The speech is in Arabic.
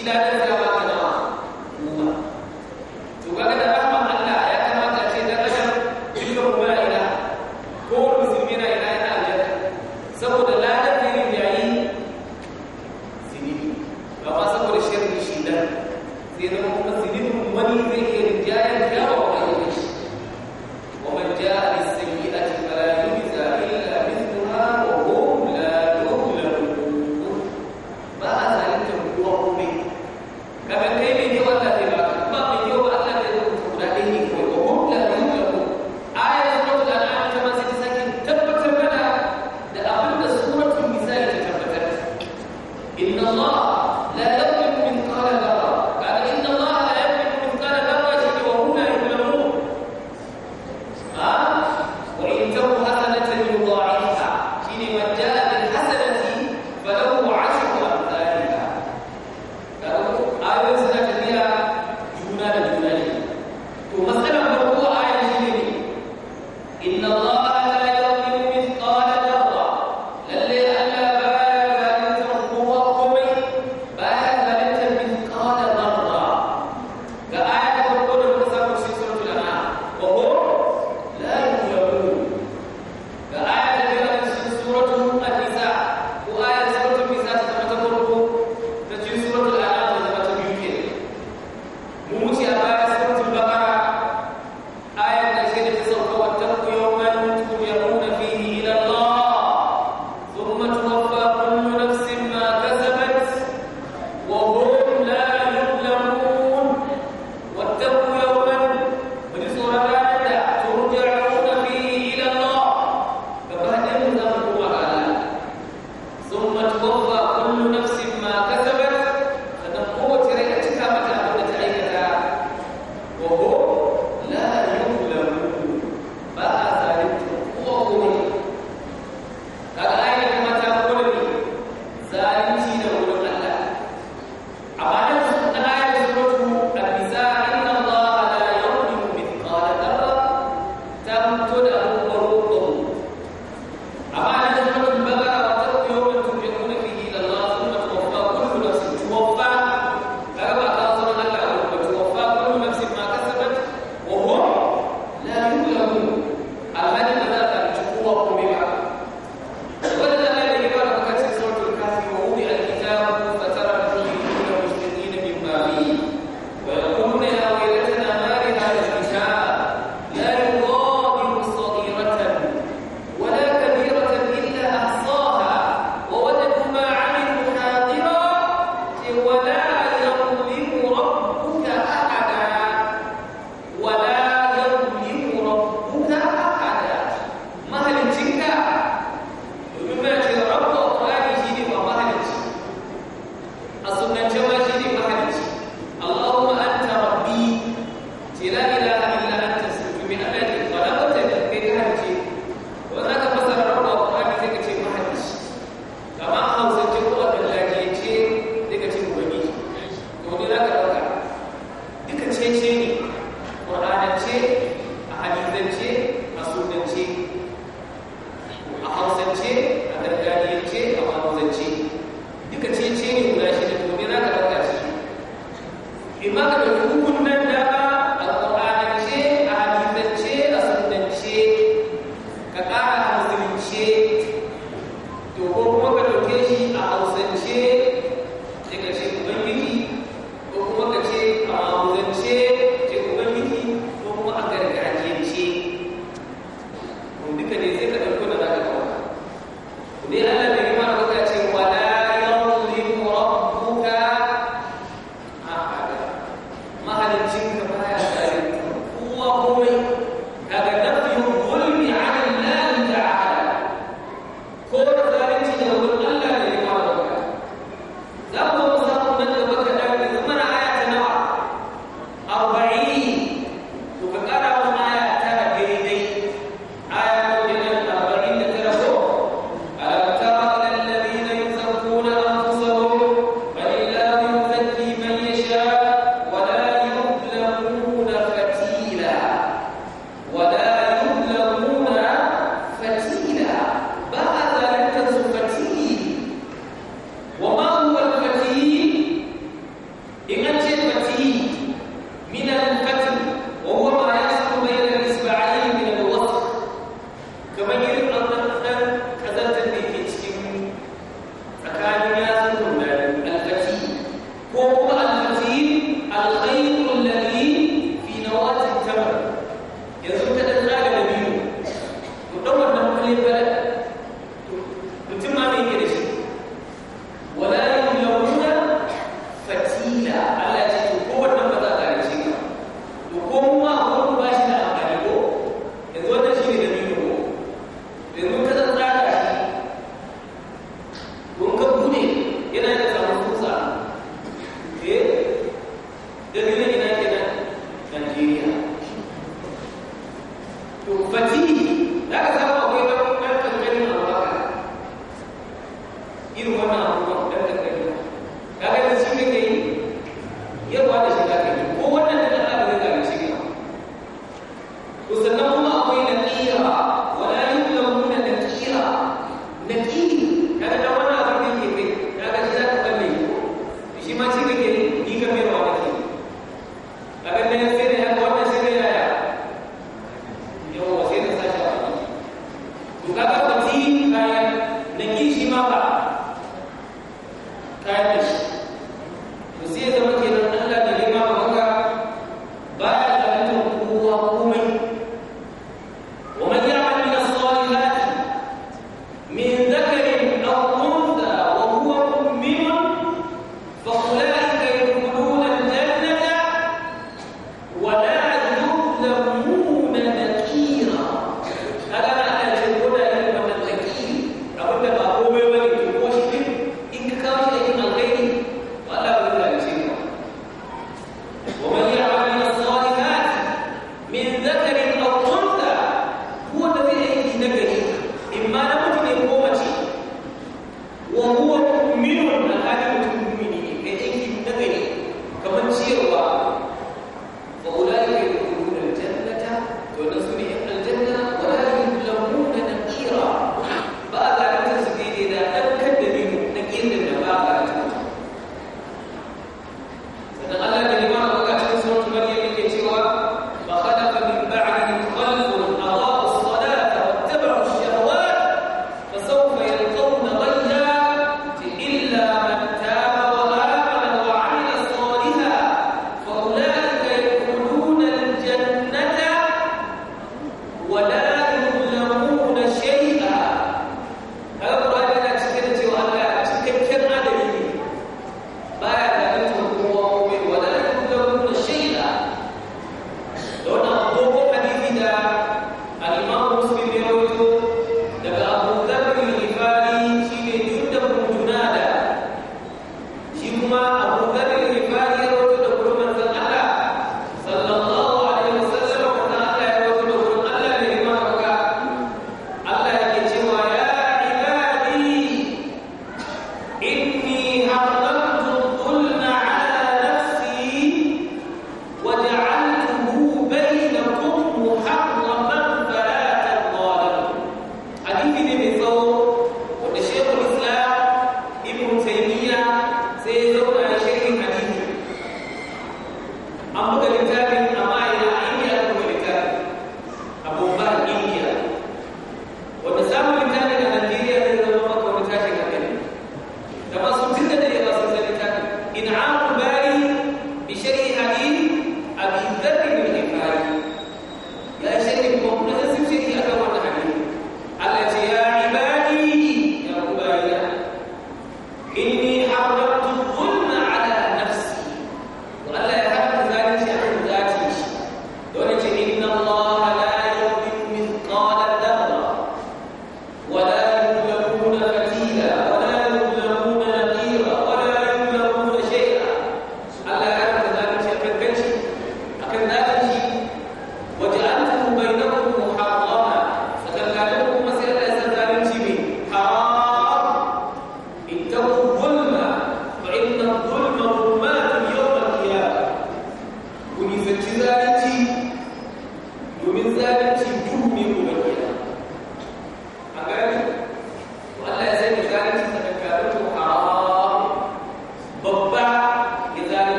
إلى أن उनका